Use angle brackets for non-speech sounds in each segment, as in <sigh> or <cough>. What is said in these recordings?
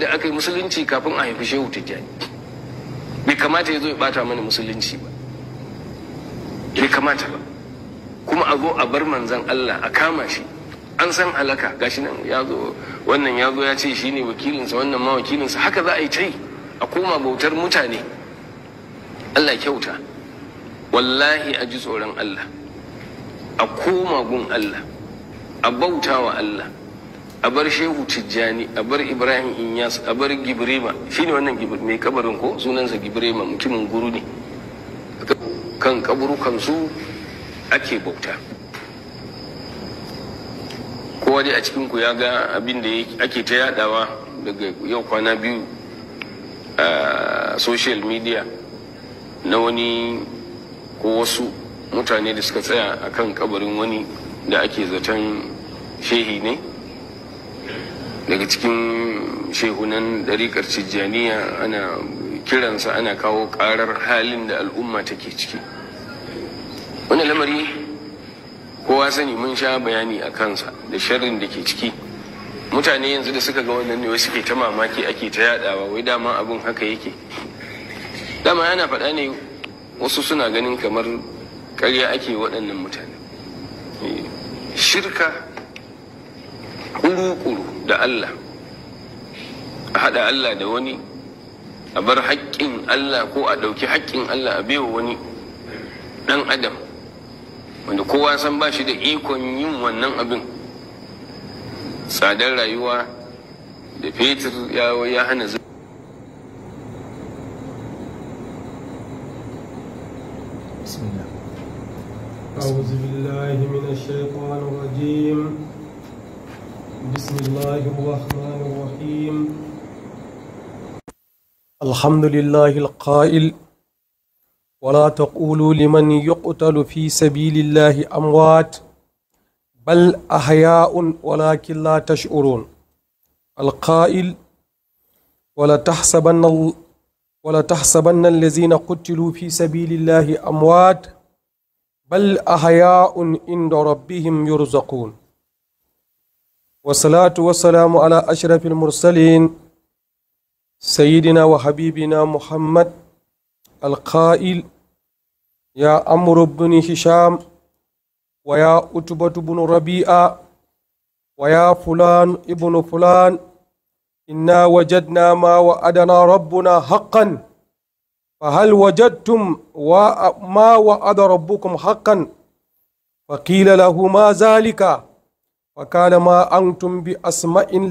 da aka yi musulunci kafin a haifi shehu tijjani bai kamata ya zo ya bata mana musulunci ba bai kamata ba kuma a zo a bar manzan Allah a kama shi an san alaka gashi nan ya zo wannan ya zo ya ce shi ne wakilinsa wannan ma wakilinsa haka za a yi ta yi a koma bautar mutane Allah kyauta wallahi a ji tsoron Allah a koma gun Allah a bauta wa Allah a bar shehu tijjani a bar ibrahim inyas a bar gibrima shine wannan mai kabarin ko sunansa gibrima mutumin guru ne kan kaburukan su ake bauta kowa dai a cikin ku ya ga abin da ake ta yadawa daga yau kwana biyu a social media na wani ko wasu mutane da suka tsaya a kan kabarin wani da ake zaton shehi ne daga cikin shehunan ɗariƙar cijjaniya ana kiransa ana kawo ƙarar halin da al'umma take ciki wani lamari kowa sani mun sha bayani a kansa da sharrin da ke ciki mutane yanzu da suka ga wannan ne wasu ke ta mamaki ake ta yadawa wai dama abin haka yake dama yana faɗa ne wasu suna ganin kamar karya ake waɗannan mutane eh, shirka kuru-kuru da Allah a haɗa Allah da wani a bar haƙƙin Allah ko a ɗauki haƙƙin Allah a baiwa wani ɗan adam wanda kowa san ba shi da ikon yin wannan abin tsadar rayuwa da fetur ya hana zai أعوذ بالله من الشيطان الرجيم بسم الله الرحمن الرحيم الحمد لله القائل ولا تقولوا لمن يقتل في سبيل الله أموات بل أحياء ولكن لا تشعرون القائل ولا تحسبن ولا تحسبن الذين قتلوا في سبيل الله أموات بل أحياء عند ربهم يرزقون wasalatu wasalamu ala ashirafin mursalin sayidina wa habibina muhammad alka'il ya amuru bin hisham wa ya utubatu bin rabi'a wa ya fulan ibn fulan inna wajadna ma wa adana rabbuna haqqan فهل وجدتم ما وعد ربكم حقا فقيل له ما ذلك fakala ma an tumbi asma’in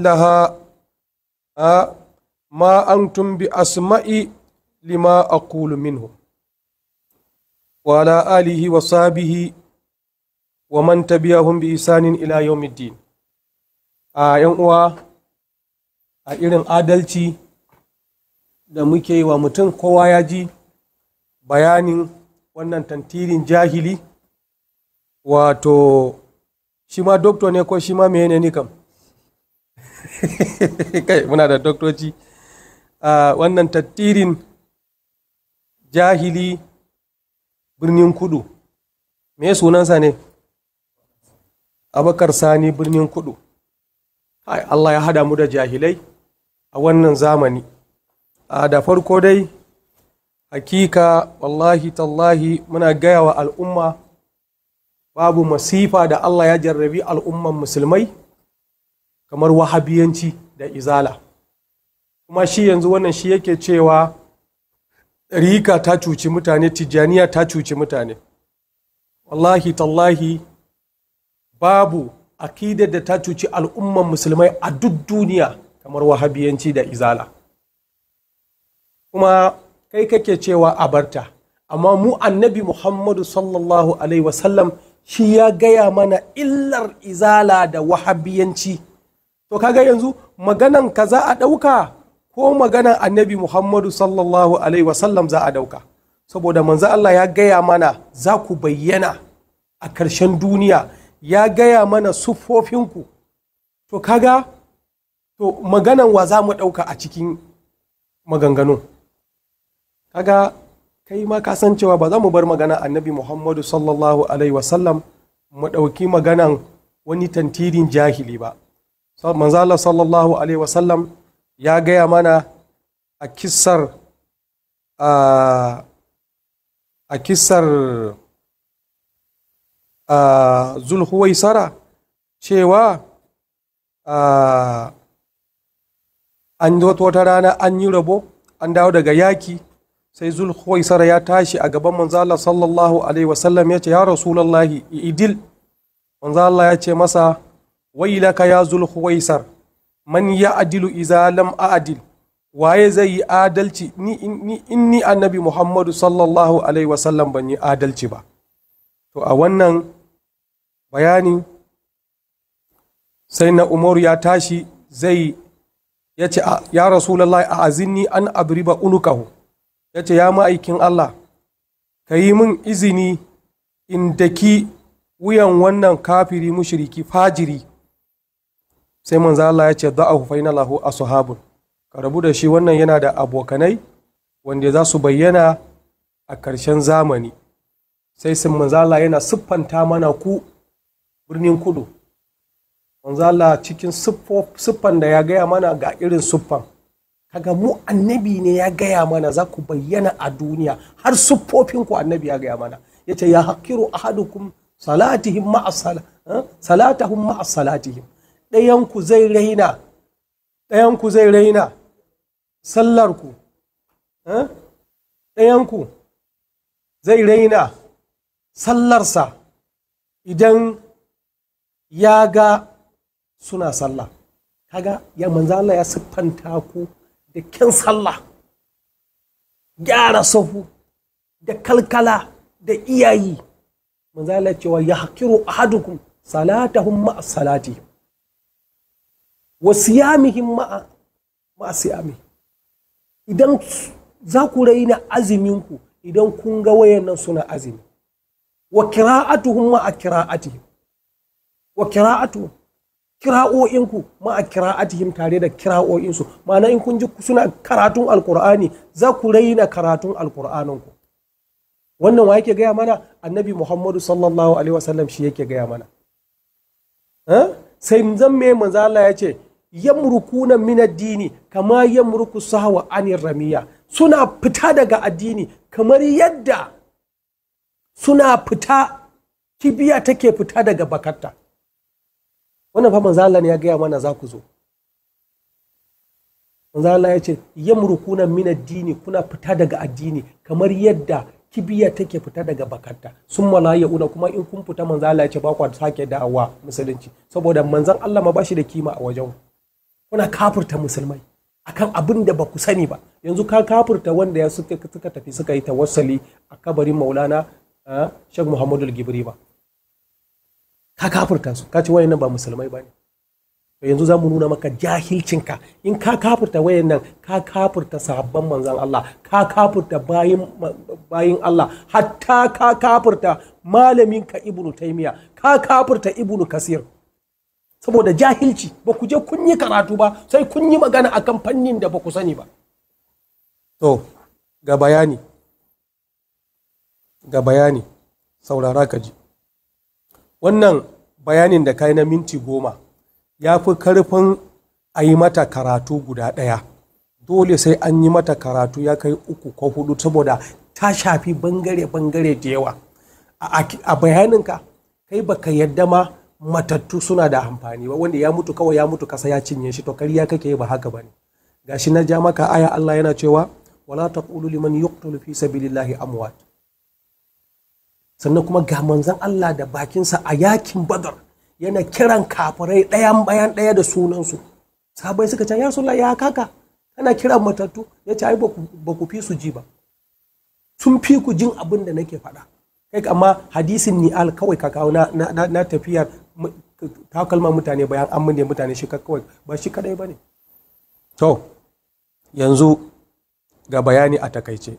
asma’i lima a kulu wa la alihi wa sabihi wa manta biya hun bi isanin ila yau middi a yan’uwa a irin adalci da muke wa mutum kowa ya ji bayanin wannan tantirin jahili wato shi ma dokto ne ko shi ma mene ni kam <laughs> kai muna da doktoci a wannan tattirin jahili birnin kudu me sunansa ne abakar sani birnin kudu allah ya hada mu da jahilai a wannan zamani a da farko dai hakika wallahi tallahi muna gaya wa al'umma babu masifa da Allah ya jarrabi al'umman musulmai kamar wahabiyanci da izala kuma shi yanzu wannan shi yake cewa rika ta cuci mutane tijjaniya ta cuci mutane wallahi tallahi babu akidar da ta cuci al'umman musulmai a duk duniya kamar wahabiyanci da izala kuma kai kake cewa a barta amma mu annabi muhammadu sallallahu alaihi wasallam shi ya gaya mana illar izala da wahabiyanci to kaga yanzu maganan ka za a ɗauka ko maganan annabi muhammadu sallallahu alaihi wasallam za a ɗauka saboda manzo Allah ya gaya mana za ku bayyana a karshen duniya ya gaya mana sufofinku to kaga to maganan wa za mu ɗauka a cikin maganganu kaga kai ma ka san cewa ba za mu bar magana annabi muhammadu sallallahu alaihi wasallam mu ɗauki maganan wani tantirin jahili ba manzala sallallahu alaihi wasallam ya gaya mana a kisar a kisar zulhuwaisara cewa an wata rana an yi rabo an dawo daga yaki sai zulhuwaisar ya tashi a gaban manzala sallallahu alaihi wasallam ya ce ya rasulallahi idil manzala ya ce masa wai laka ya zulhuwaisar man ya adilu iza lam adil waye zai yi adalci in ni annabi muhammadu sallallahu alaihi wasallam ban yi adalci ba to a wannan bayani sai na umar ya tashi zai ya ce ya rasulallahi a azinni an abriba unukahu ya ce ya ma'aikin Allah ka yi min izini in daki wuyan wannan kafiri mushiriki fajiri sai manzo Allah ya ce da'ahu fa inna lahu ashabun ka rabu da shi wannan yana da abokanai wanda za su bayyana a ƙarshen zamani sai sun manzo Allah yana siffanta mana ku birnin kudu manzo Allah cikin siffan da ya gaya mana ga irin siffan kaga mu annabi ne ya gaya mana za ku bayyana a duniya har siffofin ku annabi ya gaya mana ya ce ya hakiru ahadukum salatihim ma'a eh? ma'a salatihim ɗayan ku zai raina zai raina sallar ku eh? ɗayan ku zai raina sallarsa idan ya ga suna sallah kaga ya manzo ya siffanta ku da kyan sallah gyara sahu da kalkala da iyayi manzala cewa ya hakiru Salata salatahum ma'a salati wa siyamihim ma'a ma'a siyami idan za ku raina aziminku idan kun ga nan suna azimi wa kira'atuhum ma'a kira'atihim wa kira'atuhum kira'o'inku ma'a kira'atihim tare da kira'o'insu ma'ana in kun ji suna karatun alkur'ani za ku raina karatun alkur'aninku wannan wa yake gaya mana annabi muhammadu sallallahu alaihi wasallam shi yake gaya mana sai zan me manzo Allah ya ce yamrukuna min addini kama yamruku sahwa anir ramiya suna fita daga addini kamar yadda suna fita kibiya take fita daga bakatta wannan fa manzo ne ya gaya mana za ku zo manzo Allah ya ce yamrukuna min ad-dini kuna fita daga addini kamar yadda kibiya take fita daga bakarta sun malaya una kuma in kun fita manzo Allah ya ce ba ku sake da'awa musulunci saboda manzan Allah ma bashi da kima a wajen kuna kafirta musulmai akan abin da ba ku sani ba yanzu ka kafirta wanda ya suka tafi suka yi tawassali a kabarin maulana eh, shek muhammadu gibri ba ka kafurta su ka ce wayannan ba musulmai ba ne yanzu za mu nuna maka jahilcinka in ka kafurta wayannan, ka kafurta sahabban manzan Allah ka kafurta bayin Allah hatta ka kafurta malamin ka ibnu taimiya ka kafurta ibnu kasir saboda jahilci ba ku je kun yi karatu ba sai kun yi magana akan fannin da ba ku sani ba to ga bayani ga bayani saurara ka ji wannan bayanin da kai na minti goma ya fi karfin a yi mata karatu guda ɗaya dole sai an yi mata karatu ya kai uku ko hudu saboda ta shafi bangare-bangare da yawa a bayaninka kai baka yadda ma matattu suna da amfani ba wanda ya mutu kawai ya mutu kasa ya cinye shi to kariya kake ba haka ba ne gashi na ja maka aya Allah yana cewa wala taqulu liman yuqtalu fi sabilillahi amwat sannan kuma ga manzan Allah da bakinsa a yakin badar yana kiran kafirai ɗayan bayan ɗaya da sunansu sabai suka ce ya sulla ya kaka kana kiran matattu ya ce ai ba ku fi su ji ba sun fi ku jin abin da nake faɗa kai amma hadisin ni'al kawai ka kawo na tafiyar kalma mutane bayan an mune mutane shi kawai ba shi kadai ba ne to yanzu ga bayani a takaice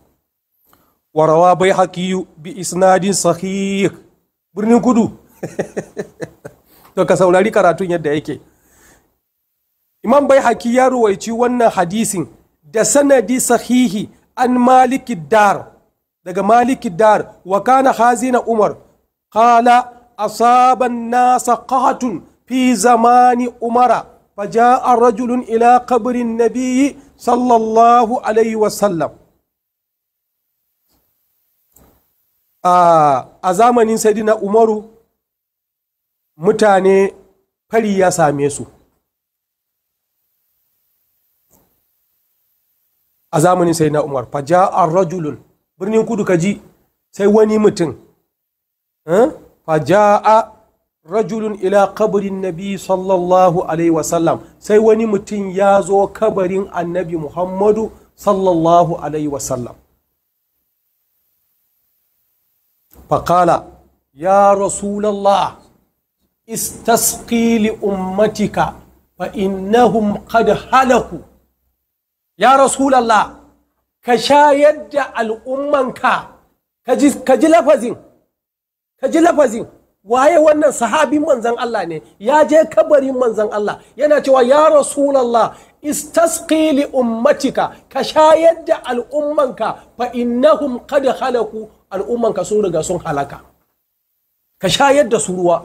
warawa bai haƙi bi isnadin sahih birnin kudu to ka saurari karatun yadda yake imam bai haƙi ya ruwaici wannan hadisin da sanadi sahihi an maliki dar daga maliki dar wa kana hazina umar qala asaban nasa qahatun fi zamani umara فجاء رجل إلى قبر النبي صلى الله عليه وسلم a zamanin sayidina umaru mutane fari ya same su a zamanin sayidina umar faja'ar rajulun birnin kudu kaji sai wani mutum eh, faja'a rajulun ila kabarin nabi sallallahu alaihi wasallam sai wani mutum ya zo kabarin annabi muhammadu sallallahu alaihi wasallam فقال يا رسول الله استسقي لأمتك فإنهم قد هلكوا يا رسول الله كشايد الأمة كجي لفظين كجي لفظين waye wannan sahabin manzan Allah ne ya je kabarin manzan Allah yana cewa ya rasulallah istasqi li ummatika ka shayar da al'ummanka fa innahum qad halaku al'umman ka sun riga sun halaka ka shayar da su ruwa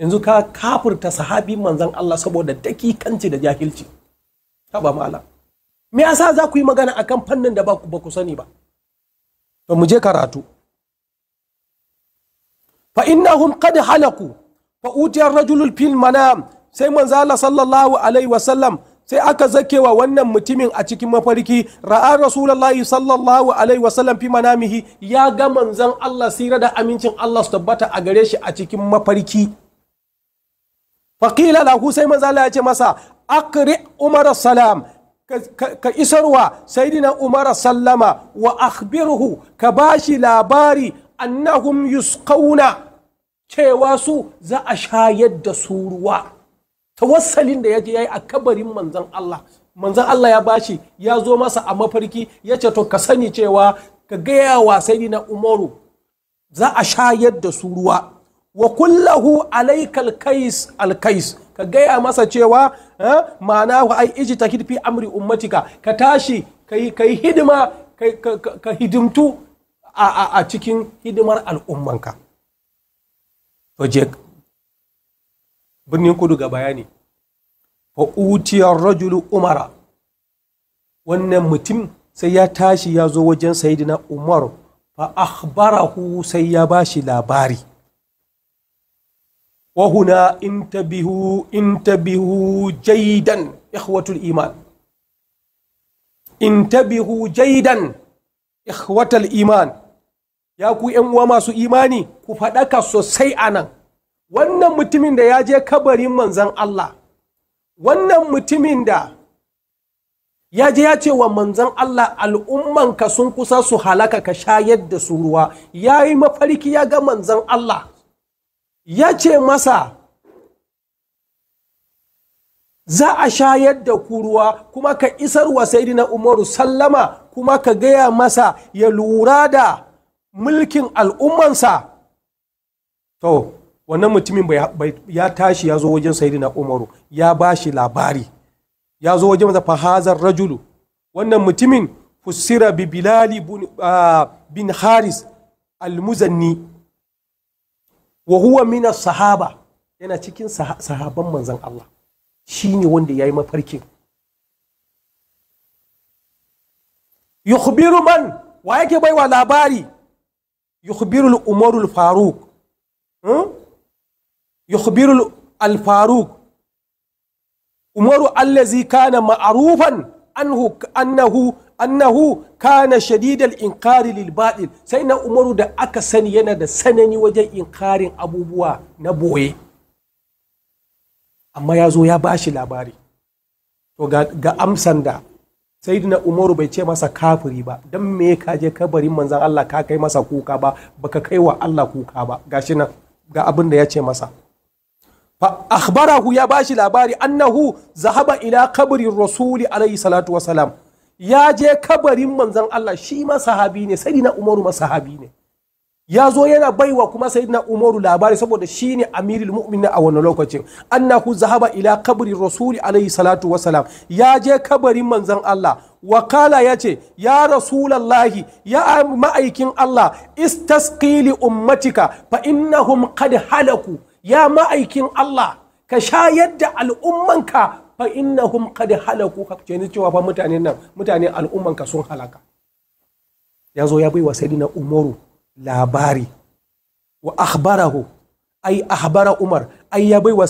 yanzu ka kafurta sahabi manzan Allah saboda dakikanci da jahilci ta ba mala me yasa za ku yi magana akan fannin da ba ku sani ba to mu je karatu fa innahum qad halaku fa utiya ar-rajulu fil manam sai manzala Allah sallallahu alaihi wasallam sai aka zakewa wannan mutumin a cikin mafarki ra'a rasulullahi sallallahu alaihi wasallam fi manamihi ya ga manzon Allah sira da amincin Allah su tabbata a gare shi a cikin mafarki faqila lahu sai manzo Allah ya ce masa akri umar salam ka isarwa sayyidina umar sallama wa akhbirhu ka bashi labari annahum yusqawna cewa su za a shayar da su ruwa tawassalin da ya je ya yi a kabarin manzan Allah manzan Allah ya bashi ya zo masa a mafarki ya ce to ka sani cewa ka gaya wa sai na umaru za a shayar da su ruwa wa kullahu alaikal kais alkais ka gaya masa cewa eh, ma'ana wa ai iji ta fi amri ummatika ka tashi ka yi hidima ka hidimtu a cikin hidimar al'ummanka oje birnin kudu ga bayani fa utiyar rajulu umara wannan mutum sai ya tashi ya zo wajen sayidina umar fa akhbarahu sai ya ba shi labari wahuna intabihu intabihu jaidan ikhwatul iman intabihu jaidan ikhwatul iman ya ku yan uwa masu imani ku faɗaka sosai anan wannan mutumin da ya je kabarin manzan Allah wannan mutumin da ya je ya ce wa manzan Allah al'ummanka sun kusa su halaka ka shayar da su ruwa ya yi mafarki ya ga manzan Allah ya ce masa za a shayar da ku ruwa kuma ka isar wa sayidina umaru sallama kuma ka gaya masa ya lura da mulkin al'ummansa to wannan mutumin ya tashi ya zo wajen na umaru ya ba shi labari ya zo wajen masa fahazar rajulu wannan mutumin fusira bi bilali ah, bin haris almuzanni wa huwa mina sahaba yana cikin sahaban manzan Allah shi ne wanda ya yi mafarkin yukhbiru man wa yake baiwa labari yukhbiru umarul faruk hmm? yukhbiru alfaruk umaru allazi kana ma'arufan annahu annahu kana shadidal inkari lil sai na umaru da aka sani yana da sanani wajen inkarin abubuwa na boye amma ya ya bashi labari to ga, ga amsan da sayyidina umaru bai ce masa kafuri ba dan me ka je kabarin manzon Allah ka kai masa kuka ba baka kai wa Allah kuka ba gashi ga abin da ya ce masa akhbarahu ya bashi labari annahu zahaba ila kabarin rasuli alaihi salatu wasalam ya je kabarin manzon Allah shi ma sahabi ne sai na umaru ma sahabi ne ya zo yana baiwa kuma sai na umaru labari saboda shi ne amirul mu'minin a wannan lokacin annahu zahaba ila kabarin rasuli alaihi salatu wasalam ya je kabarin manzon Allah wakala ya ce ya rasulallahi ya ma'aikin Allah istasqili ummatika fa innahum qad halaku ya ma'aikin Allah ka shayar da al'ummanka fa innahum qad halaku ka ce cewa fa mutane nan mutane al'ummanka sun halaka ya zo ya bai wa umaru labari wa Ahbarahu ai ahbara umar ai ya bai wa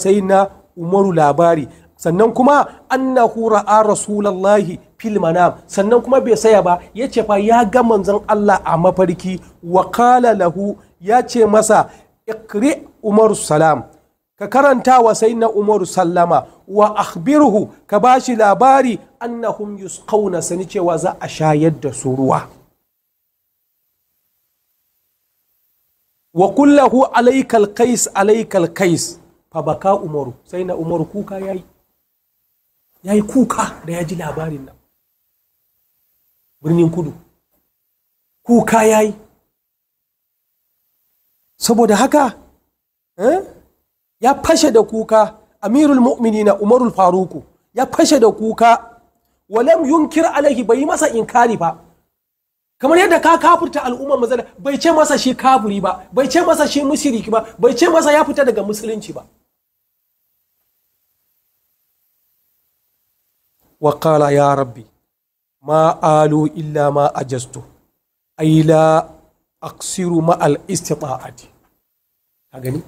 umaru labari sannan kuma annahu ra'a rasulullahi fil manam sannan kuma bai saya ba yace fa ya ga manzon Allah a mafarki wa qala lahu ya ce masa ikri umaru salam ka karanta wa sai na umaru sallama wa akhbirhu ka bashi labari annahum yusqawna sani cewa za a shayar da su ruwa wa hu alaikal kais alaikal kais fa baka umaru sai na umaru kuka ya ji saboda haka eh, ya fashe da kuka amirul na umarul faruku ya fashe da kuka walam yunkir alaihi bai masa inkari ba kamar yadda ka kafurta al'ummar mazana bai ce masa shi kafuri ba bai ce masa shi musiriki ba bai ce masa ya fita daga musulunci ba wa ya rabbi ma illa ma ajastu ay la aksiru ma'al istita'ati ka gani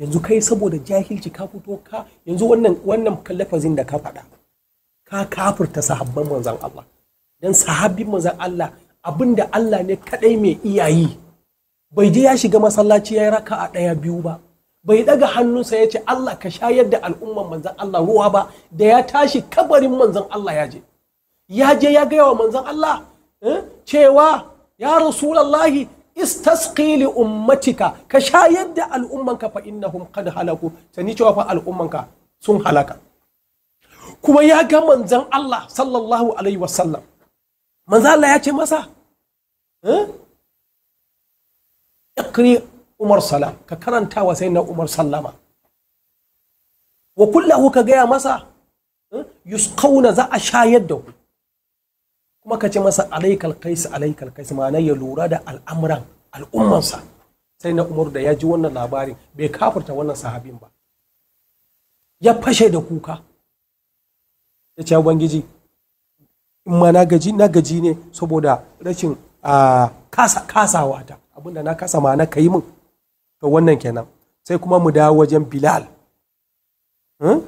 yanzu kai saboda jahilci ka fito ka yanzu wannan wannan kallafazin da ka faɗa ka kafurta sahabban manzan Allah dan sahabbin manzan Allah abinda Allah ne kadai mai iyayi bai je ya shiga masallaci ya yi raka a ɗaya biyu ba bai daga hannunsa ya ce Allah ka shayar da al'umman manzan Allah ruwa ba da ya tashi kabarin manzan Allah ya je ya je ya gaya wa manzan Allah eh, cewa ya rasulalahi istaskili li ummatika ka shayar da al'ummanka fa innahum qad halaku sani cewa fa al'ummanka sun halaka kuma ya ga manzan Allah sallallahu alaihi wasallam manzan Allah ya ce masa eh, ikri Umar salam ka karanta wa sai na Umar sallama wa kullahu ka gaya masa eh, Yuskauna za a shayar da ku kuma ka ce masa alaikal kaisi alaikal ma'ana ya lura da al'amuran al'ummansa sai na umaru da ya ji wannan labarin bai kafurta wannan sahabin ba ya fashe da kuka ya ce ubangiji in ma na gaji na gaji ne saboda rashin kasawa ta abinda na kasa ma na kai min to wannan kenan sai kuma mu dawo wajen bilal hmm?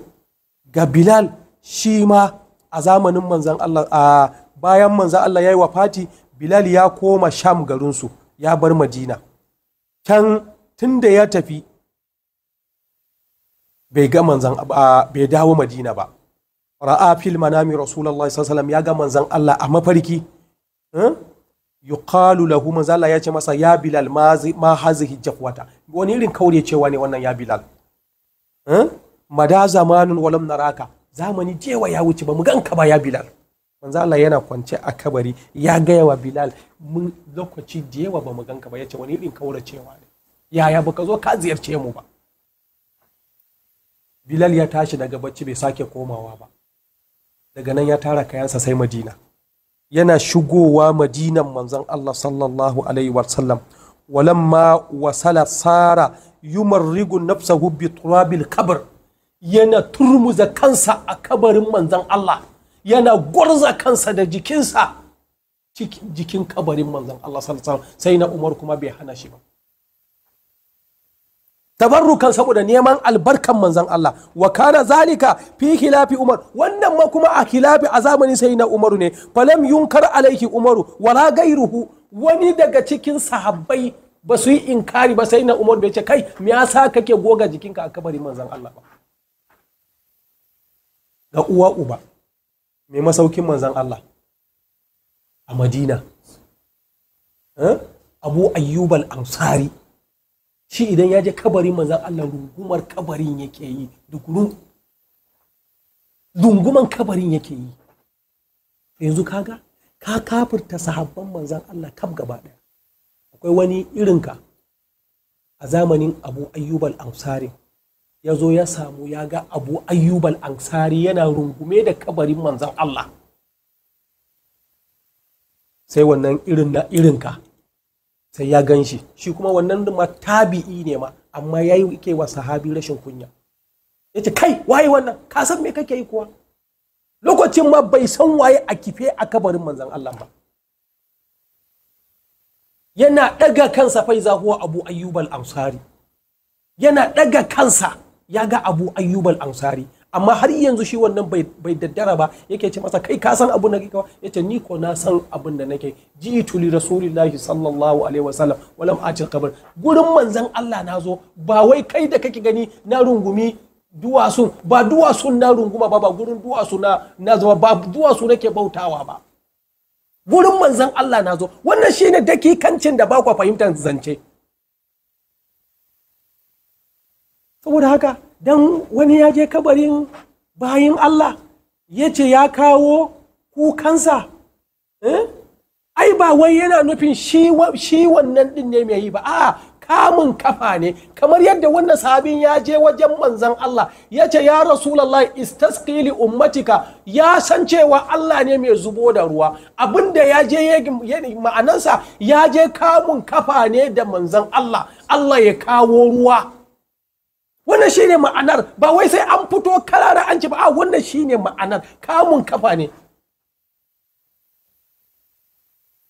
ga bilal shi ma a zamanin manzan Allah bayan manzo Allah ya yi wa Fati, Bilal ya koma Sham garinsu ya bar Madina can da ya tafi bai ga manzan bai dawo Madina ba ra'a fil manami Rasulullah sallallahu ya ga manzan Allah a mafarki yuqalu lahu manzan Allah ya ce masa ya Bilal ma hazihi jafwata wani irin kaure cewa ne wannan ya Bilal mada zamanin walam naraka zamani jewa ya wuce ba mu ganka ba ya Bilal manzo Allah yana kwance a kabari ya gaya wa Bilal mun lokaci da yawa ba mu ganka ba yace wani irin kauracewa ne yaya baka zo ka ziyarce mu ba Bilal ya tashi daga bacci bai sake komawa ba daga nan ya tara kayansa sai Madina yana shigowa Madinan manzon Allah sallallahu alaihi wa sallam walamma wasala sara yumarrigu nafsahu bi turabil kabr yana turmuza kansa a kabarin manzon Allah yana gwarza kansa da jikinsa jikin kabarin manzan Allah sallallahu alaihi sai na Umar kuma bai hana shi ba tabarrukan saboda neman albarkan manzan Allah wa kana zalika fi khilafi Umar wannan ma kuma a khilafi a zamanin sai na Umaru ne falam yunkar alaiki Umaru wala gairuhu wani daga cikin sahabbai ba su yi inkari ba sai na Umar bai ce kai me yasa kake goga jikinka a kabarin manzan Allah ba ga uwa uba mai masaukin manzan Allah a Madina eh? Abu ayyubal amsari, shi idan ya je kabarin manzan Allah rungumar kabarin yake yi dukuru dunguman kabarin yake yi yanzu kaga ka kafirta sahabban manzan Allah kaf gaba ɗaya akwai wani irinka a zamanin Abu ayyubal amsari. ya zo ya samu ya ga abu ayyubal ansari yana rungume da kabarin manzan Allah sai wannan irin na irinka sai ya gan shi shi kuma wannan ma tabi'i ne ma amma ya yi ke wa sahabi rashin kunya ya ce kai waye wannan ka san me kake yi kuwa lokacin ma bai san waye a kife a kabarin manzan Allah ba yana ɗaga kansa fai zahuwa abu ayyubal ansari yana ɗaga kansa ya ga abu ayyubal ansari amma har yanzu shi wannan bai daddara ba yake ce masa kai kasan san abun da ya ce ni ko na san abun da nake ji tuli rasulillahi sallallahu alaihi wasallam walam acil kabar gurin manzan Allah na zo ba wai kai da kake gani na rungumi duwatsu ba duwasu na runguma ba ba gurin duwasu na zama ba duwasu nake bautawa ba gurin manzon Allah na zo wannan shine dakikancin da ba kwa fahimtar zance saboda haka dan wani ya je kabarin bayin Allah ya ce ya kawo kukansa eh? ai ba wai yana nufin shi wannan din ne mai yi ba a kamun kafa ne kamar yadda wannan sabin ya je wajen manzan Allah ya ce ya rasulallah istaskili ummatika ya san cewa Allah ne mai zubo da ruwa abinda ya je ma'anansa ya je kamun kafa ne da manzan Allah Allah ya kawo ruwa wannan shine ma'anar ba wai sai an fito karara an ci ba a wannan shine ma'anar kamun kafa ne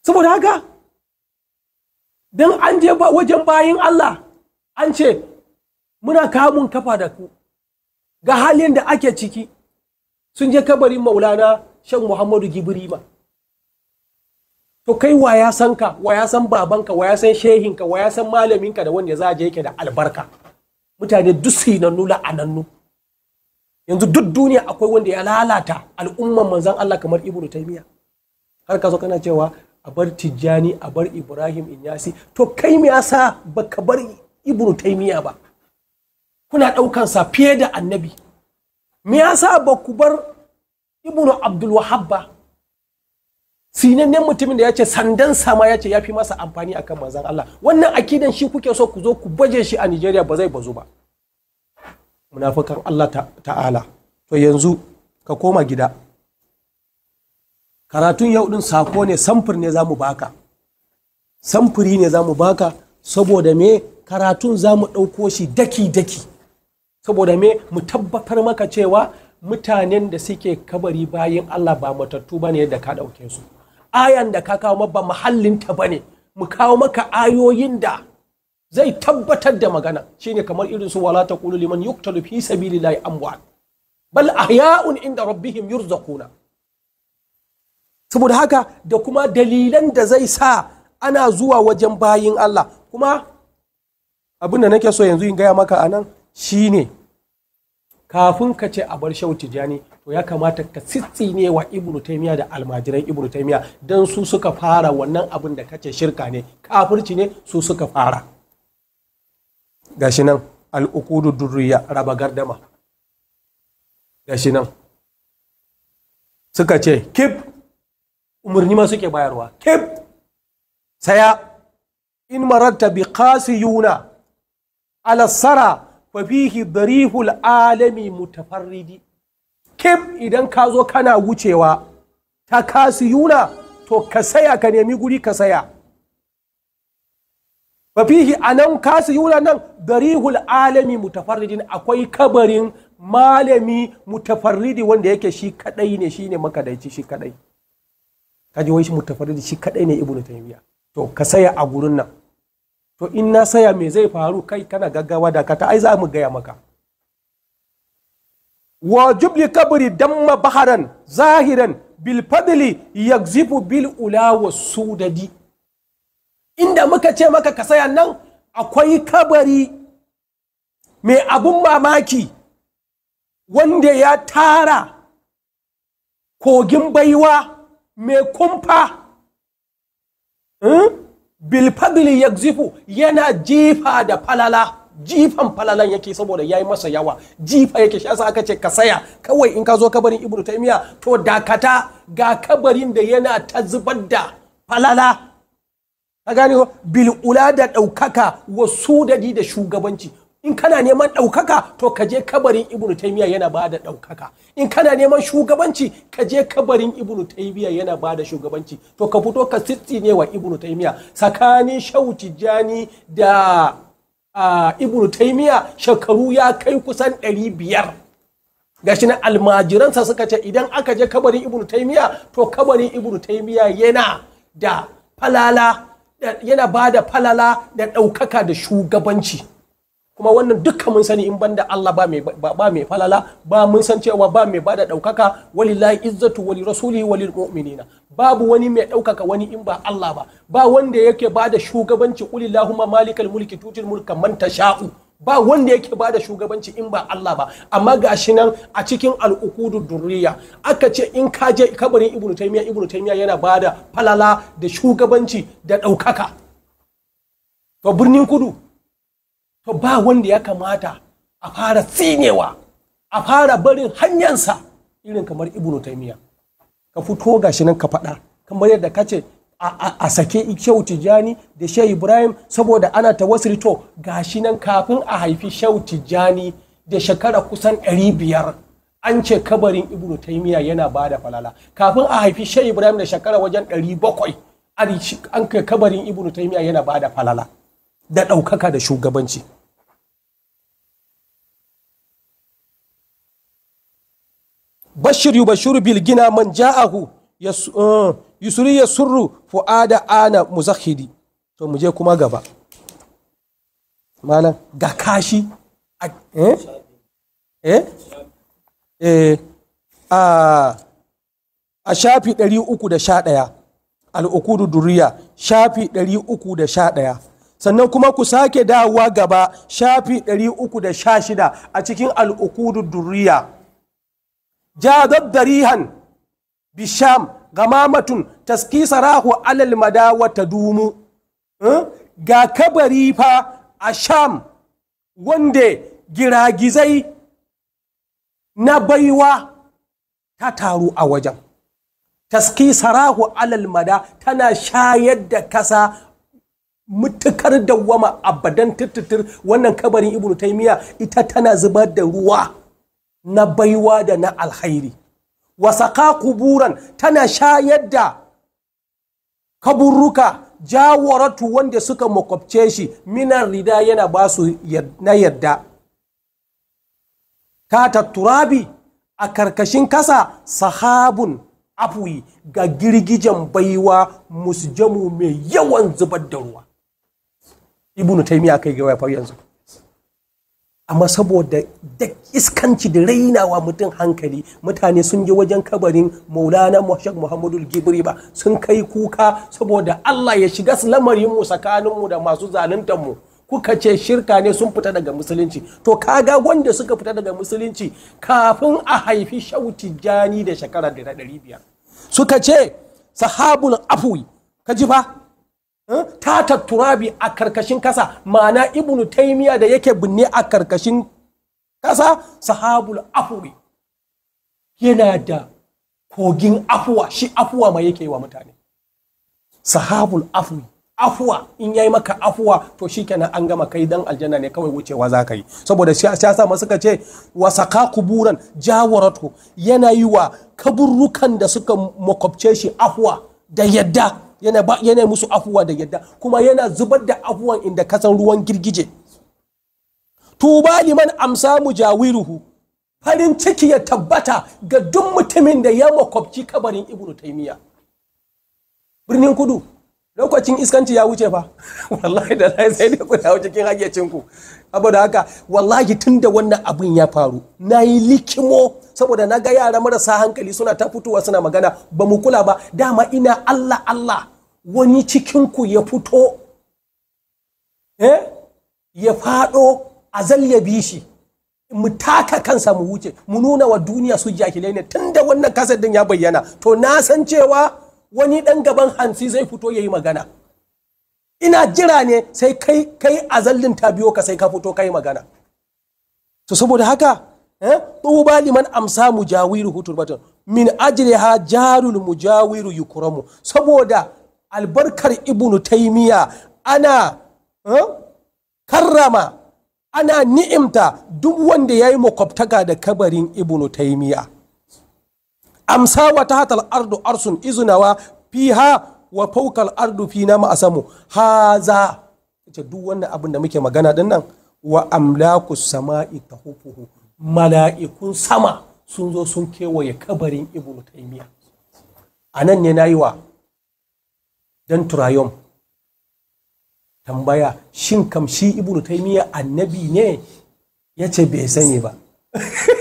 saboda haka don an je wajen bayin Allah an ce muna kamun kafa da ku ga halin da ake ciki sun je kabarin maulana shan muhammadu gibrima to kai wa ya san ka wa ya san babanka wa ya san shehinka wa ya san malaminka da wanda za a je yake da albarka mutane duk sinannu la'anannu yanzu duk duniya akwai wanda ya lalata al'umman manzan Allah kamar ibnu har ka zo kana cewa a bar tijjani a bar ibrahim inyasi to kai me yasa baka bar ibnu taimiya ba kuna ɗaukan sa fiye da annabi me yasa ba ku bar ibnu abdul ba sinannen mutumin da ya ce sandan sama ya ce ya fi masa amfani akan manzan Allah wannan akidan shi kuke so ku zo ku baje shi a Nigeria ba zai bazu ba munafukan Allah ta'ala to yanzu ka koma gida karatun yau din sako ne samfur ne zamu baka samfuri ne zamu baka saboda me karatun zamu dauko shi daki-daki saboda me mu tabbatar maka cewa mutanen da suke kabari bayan Allah ba matattu bane yadda ka dauke su ayan da ka kawo ba mahallinta ba ne mu kawo maka ayoyin da zai tabbatar da magana shine kamar irin su wala kulu liman yuktalu fi sabilillahi amwat bal ahya'un inda rabbihim yurzakuna saboda haka da kuma dalilan da zai sa ana zuwa wajen bayin Allah kuma abin da nake so yanzu in gaya maka anan shine kafin ka ce a bar shauti jani to ya kamata ka ne wa ibnu taimiya da almajiran ibnu taimiya dan su suka fara wannan abin da kace shirka ne kafirci ne su suka fara gashi nan al'ukudu durriya raba gardama gashi suka ce kip umarni ma suke bayarwa kip saya in mararta bi qasiyuna ala sara fa fihi darihul alami mutafarridi kem idan ka zo kana wucewa ta yuna to ka saya ka nemi guri ka saya ba fafihi a nan yuna nan darihul alami mutafarridin akwai kabarin malami mutafarridi wanda yake shi kadai ne shi ne makadaici shi kadai kaji wai shi mutafarridi shi kadai ne ibnu taymiya to ka saya a gurin nan to in na saya me zai faru kai kana gaggawa da ka ta ai za mu gaya maka wa jubli kabri damma baharan zahiran bil fadli yakzifu bil ula wa sudadi inda muka ce maka ka saya nan akwai kabari mai abun mamaki wanda ya tara kogin baiwa mai kumfa bil bilfadli yakzifu yana jifa da falala jifan falalan yake saboda yayi masa yawa jifa yake shi yasa aka ce ka saya kawai in ka zo kabarin ibnu taimiya. to dakata ga kabarin da yana ta zubar da falala ka gani bil ula da ɗaukaka wa sudadi da shugabanci in kana neman ɗaukaka to ka je kabarin ibnu taimiya yana ba da ɗaukaka in kana neman shugabanci ka je kabarin ibnu taimiya yana ba da shugabanci to ka fito ka sitsi ne wa ibnu taimiya tsakanin shauci jani da ibnu taimiya shekaru ya kai kusan 500 gashi na almajiransa suka ce idan aka je kabarin ibnu taimiya to kabarin ibnu taimiya yana da falala yana ba da falala da ɗaukaka da shugabanci kuma wannan dukkan mun sani in banda Allah ba mai ba mai falala ba mun san cewa ba mai bada daukaka walillahi izzatu wali rasuli walil mu'minina babu wani mai daukaka wani in ba Allah ba ba wanda yake bada shugabanci huma malikal mulki tutil mulka man tasha'u ba wanda yake bada shugabanci in ba Allah ba amma gashi nan a cikin al'ukudu durriya aka ce in ka je kabarin ibnu taymiya ibnu taymiya yana bada falala da shugabanci da ɗaukaka to birnin kudu to ba wanda ya kamata a fara tsinewa a fara barin hanyarsa irin kamar ibnu taimiyya ka fito gashi nan ka faɗa kamar yadda ka ce a sake shehu tijjani da shehu ibrahim saboda ana ta wasu rito gashi nan kafin a haifi shehu tijjani da shekara kusan 500 an ce kabarin ibnu taimiyya yana ba da falala kafin a haifi shehu ibrahim da shekara wajen 700 an kai kabarin ibnu taimiyya yana ba da falala da ɗaukaka da shugabanci bashir bashiru bil gina man ja'ahu eh, yusuri ya surru fu'ada ana muzakhidi to mu je kuma gaba malam ga kashi eh eh eh a a shafi 311 al'ukudu duriya shafi 311 sannan kuma ku sake dawowa gaba shafi 316 a cikin al'ukudu durriya jadab darihan bisham gamamatun taskisarahu alal madawa ta dumu eh? ga kabari fa a sham wanda giragizai na baiwa ta taru a wajen Taski alal mada tana shayar da kasa mutukar dawwama abadan tuttutur wannan kabarin ibnu taimiya ita tana zubar da ruwa na baiwa da na alhairi wasaka kuburan tana sha da kaburruka jawaratu wanda suka makwabce shi minan rida yana ba su na yadda kata turabi a karkashin kasa sahabun afwi ga girgijen baiwa musjamu mai yawan zubar da ruwa ibnu taimiya kai ya faru yanzu amma saboda da iskanci da rainawa mutum hankali mutane sun je wajen kabarin maulana mashak muhammadu gibri ba sun kai kuka saboda allah ya shiga lamarin lamarinmu tsakaninmu da masu mu kuka ce shirka ne sun fita daga musulunci to kaga wanda suka fita daga musulunci kafin a haifi shauti jani da shekara da ɗari biyar suka ce sahabul afwi ka ji fa tata turabi a karkashin kasa ma'ana ibnu taimiya da yake binne a karkashin kasa sahabul afuwi yana da kogin afuwa shi afuwa ma yake yi wa mutane sahabul afuwi afuwa in yayi maka afuwa to shi shikenan an gama kai dan aljanna ne kawai wucewa za ka yi saboda siyasa ma suka ce wa saka kuburan jawaratu yana yi wa kaburrukan da suka makwabce shi afuwa da yadda yana ba yana musu afuwa da yadda kuma yana zubar da afuwan inda kasan ruwan girgije tuba liman amsa mujawiruhu farin ciki ya tabbata ga duk mutumin da ya makwabci kabarin ibnu taymiya birnin kudu lokacin iskanci ya wuce fa <laughs> wallahi da lai sai ku dawo cikin ku saboda haka wallahi tunda wannan abin ya faru nayi likimo saboda na ga yara marasa hankali suna ta fitowa suna magana ba mu kula ba dama ina Allah Allah wani cikinku ya fito eh ya fado a zallabi shi mu taka kansa mu wuce mu nuna wa duniya su jahilai ne tunda wannan kasar din ya bayyana to na san cewa wani ɗan gaban hansi zai fito ya yi magana ina jira ne sai kai kai azallin ta biyo ka sai ka fito kai magana to saboda haka eh liman amsa mujawiru huturbatun min ha jarul mujawiru yukuramu saboda albarkar ibnu taimiya ana eh, karrama ana ni'imta duk wanda ya yi makwabtaka da kabarin ibnu taimiya amsa wa ta hatal ardu arsun izunawa fiha wa faukal ardu fi na ma'asamu haza ita duk wannan abin da muke magana din nan wa amlaku sama'i tahufuhu mala'ikun sama sun zo sun kewaye kabarin ibnu taimiya a nan ne na yi wa dan turayom tambaya shin kamshi shi ibnu taymiya annabi ne yace bai sani ba <laughs>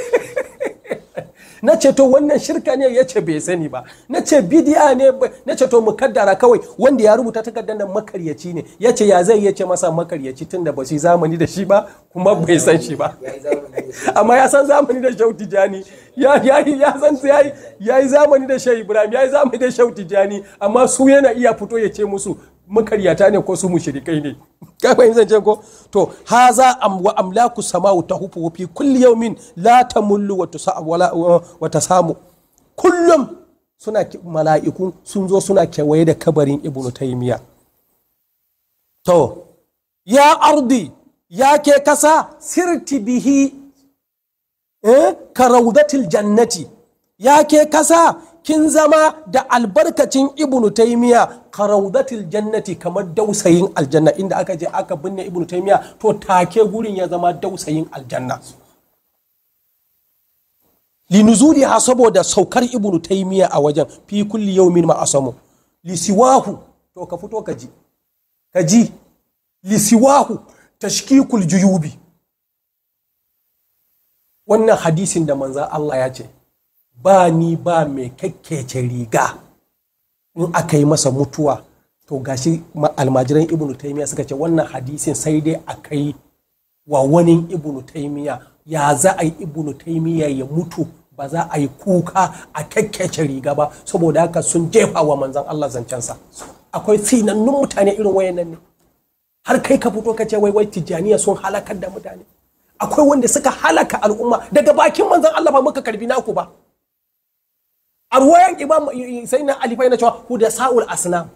na ce to wannan shirka ne ya ce bai sani ba na ce bidiya ne na ce to mu kaddara kawai wanda ya rubuta takardar nan makaryaci ne ya ce ya zai ya ce masa makaryaci tunda ba su zamani da shi ba kuma bai san shi ba <laughs> amma ya san zamani da shau tijani ya ya san ya yi zamani da shau ibrahim ya yi zamani da shau tijani amma su yana iya fito ya ce musu makaryata ne ko su mushrikai ne ka fahimta zance ko to haza am wa amlaku ta tahufu fi kulli yawmin la tamullu wa tusa'u wa tasamu kullum suna mala'iku sun zo suna kewaye da kabarin ibnu taymiya to ya ardi ya ke kasa sirti bihi eh, ka jannati ya ke kasa kin zama da albarkacin ibnu taimiya karaudatil jannati kamar dausayin aljanna inda aka je aka binne ibnu taimiya to take gurin ya zama dausayin aljanna ha saboda saukar ibnu taimiya a wajen fi kulli yawmin ma asamu lisiwahu to ka fito ka ji ka ji lisiwahu tashkikul juyubi wannan hadisin da manzan Allah ya ce ba ni ba mai kakkece riga in aka yi masa mutuwa to gashi almajiran ibnu taimiya suka ce wannan hadisin sai dai a kai wa wani ibnu taimiya ya za a yi ibnu taimiya ya mutu ba za a yi kuka a kakkece riga ba saboda haka sun jefa wa manzan Allah zancensa akwai sinannun mutane irin wayannan ne har kai ka fito ka ce wai wai tijaniya sun halakar da mutane akwai wanda suka halaka al'umma daga bakin manzan Allah ba muka karbi naku ba a ruwayan imam sai na alifai na cewa hudasa'ul asnam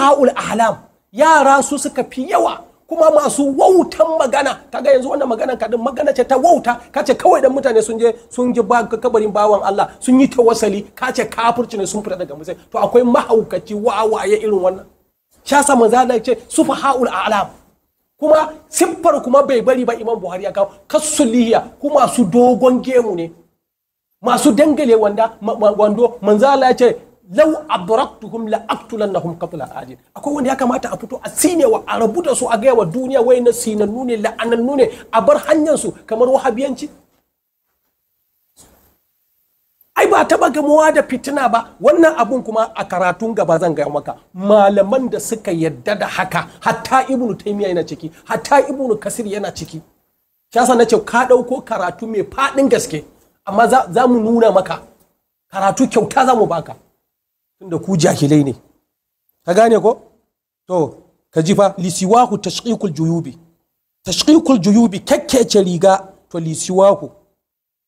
ha'ul ahlam yara su suka fi yawa kuma masu wautan magana kaga yanzu wannan magana kadin magana ce ta wauta kace kawai dan mutane sun je sun ji ba kabarin bawan Allah sun yi tawassali kace kafirci ne sun fita daga musai to akwai mahaukaci wawaye irin wannan sha sa manzo Allah ce sufahaul ahlam kuma siffar kuma bai bari ba Imam Buhari ya kawo kasulihiya kuma su dogon gemu ne masu dangale wanda wando manzo Allah ya ce law abraktuhum la aqtulannahum qatla ajin akwai wanda ya kamata a fito a sine wa a rabu da su a gaya wa duniya wai na sinannu ne la'anannu ne a bar hanyar su kamar wahabiyanci ai ba taba gamuwa da fitina ba wannan abun kuma a karatun gaba zan gaya maka malaman da suka yadda da haka hatta ibnu taymiya yana ciki hatta ibnu kasir yana ciki shi yasa nace ka dauko karatu mai fadin gaske amma za mu nuna maka karatu kyauta za mu baka tunda ku jahilai ne ka gane ko to ka ji fa lisiwahu tashqiqul juyubi tashqiqul juyubi kakkece riga to lisiwahu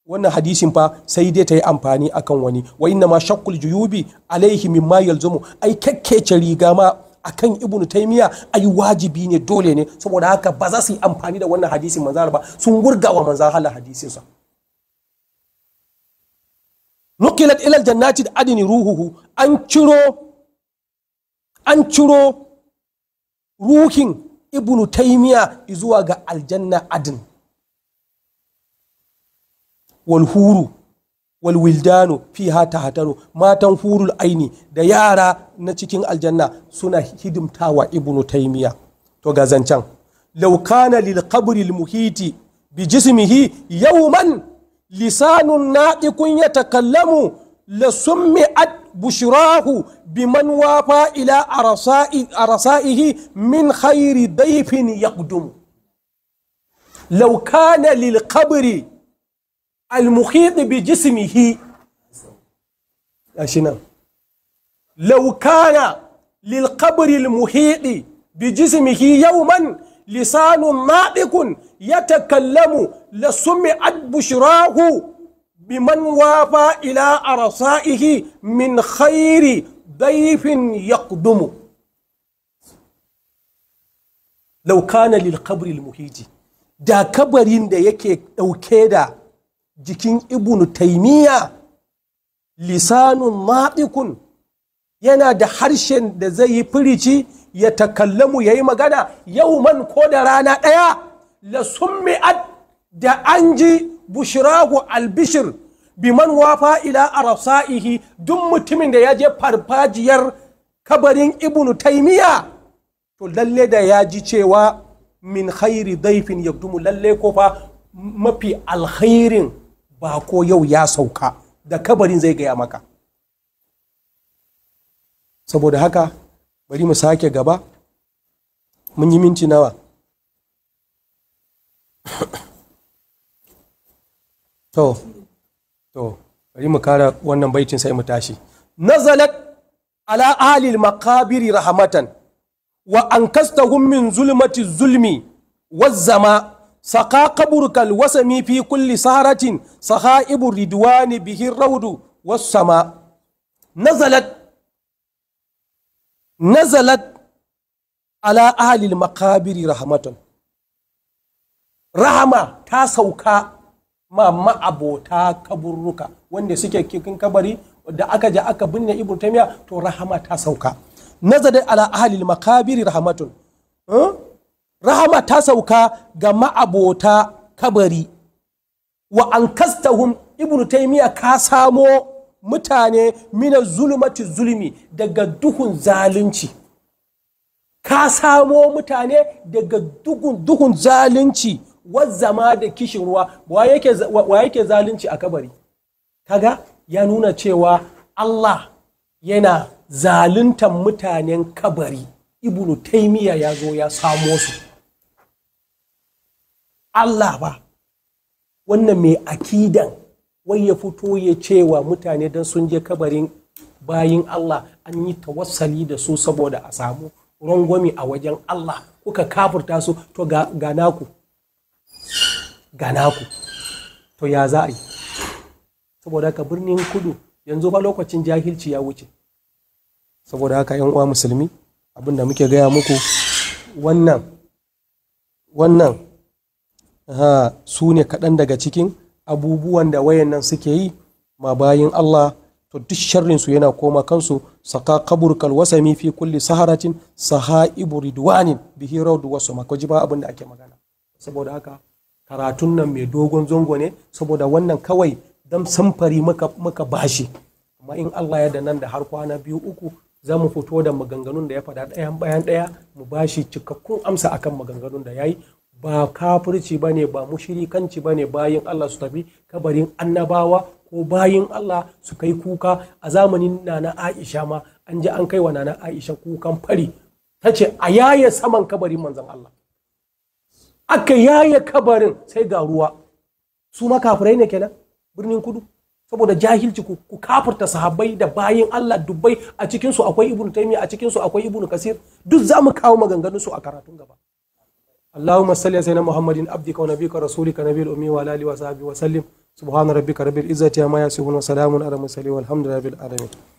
wannan hadisin fa sai dai ta yi amfani akan wani wa inna ma shakkul juyubi alaihi mimma yalzumu ai kakkece riga ma akan ibn taymiya ai wajibi ne dole ne saboda haka ba za su yi amfani da wannan hadisin manzara ba sun gurgawa manzara hadisin sa nukilat ilal jannati da adini ruhuhu an ciro an ciro ruhin ibnu taimiya zuwa ga aljanna adin walhuru walwildano fi hata hataro matan hurul aini da yara na cikin aljanna suna hidimtawa ibnu taimiya to ga zancen laukana lil qabri al muhiti bi jismihi yawman lisanun naɗikun ya takallamu la summi'at bushrahu biman wafa ila arasa'ihi min khairi daifin yaqdum law kana lil qabri bi jismihi ashina law lisanun naɗikun ya takallamu la sumi bushrahu biman wafa ila arasa'ihi min khairi daifin yaqdumu law lil qabri al da kabarin da yake ɗauke da jikin ibnu taimiya lisanun maɗikun yana da harshen da zai yi firici ya takallamu ya yi magana yau man ko da rana ɗaya la summi'at da an ji bushirahu albishir bi man wafa ila arasa'ihi duk mutumin da ya je farfajiyar kabarin ibnu taimiya to lalle da ya ji cewa min khairi daifin ya lalle ko fa mafi alkhairin ba ko yau ya sauka da kabarin zai gaya maka saboda haka bari mu sake gaba mun yi minti nawa <coughs> to to bari mu kara wannan baitin sai mu tashi nazalat ala alil maqabiri rahmatan wa ankastahum min zulmati zulmi wazzama saka kaburkal wasami fi kulli saharatin ibu ridwani bihin raudu sama nazalat nazalat ala ahlil makabiri rahmatan rahama ta sauka ma ma'abota kaburuka wanda suke kikin kabari da aka je aka binne ibn to rahama ta sauka nazarin ala ahlil makabiri rahmatun hmm? rahama ta sauka ga ma'abota kabari wa ankastahun kastahum ka samo mutane mina zulmati zulmi daga duhun zalunci ka samo mutane daga duhun zalunci wazzama da kishin ruwa wa yake zalunci a kabari kaga ya nuna cewa Allah yana zaluntan mutanen kabari ibnu taimiya ya zo ya samo su Allah ba wannan mai akidan wai ya fito ya cewa mutane don sun je kabarin bayin Allah an yi tawassali da su saboda a samu rangwami a wajen Allah kuka kafurta su to ga naku ga naku to ya za a yi saboda haka birnin kudu yanzu ba lokacin jahilci ya wuce saboda haka yan uwa musulmi abin muke gaya muku wannan wannan su ne kaɗan daga cikin abubuwan da wayan nan suke yi ma bayin Allah to duk sharrin su yana koma kansu saka kaburkal wasami fi kulli saharatin sahaibu ridwanin bihi wasu ji ba abin da ake magana saboda haka karatun nan mai dogon zango ne saboda wannan kawai dan samfari maka maka bashi amma in Allah ya da nan da har kwana biyu uku za mu fito da maganganun da ya faɗa ɗayan bayan ɗaya mu bashi cikakkun amsa akan maganganun da yayi ba kafirci ba ne ba mushirikanci ba ne bayin Allah su tafi kabarin annabawa ko bayin Allah su kai kuka a zamanin nana Aisha ma an ji an kai wa nana Aisha kukan fari ta ce a yaye saman kabarin manzan Allah aka yaye kabarin sai ga ruwa su makafirai ne kenan birnin kudu saboda jahilci ku kafirta sahabbai da bayan Allah dubbai a cikinsu akwai ibnu taymi a cikinsu akwai ibnu kasir duk zamu kawo maganganun su a karatun gaba اللهم صل على سيدنا محمد عبدك ونبيك ورسولك نبي الأمي وعلى آله وصحبه وسلم سبحان ربك رب العزة عما يصفون وسلام على المرسلين والحمد لله رب العالمين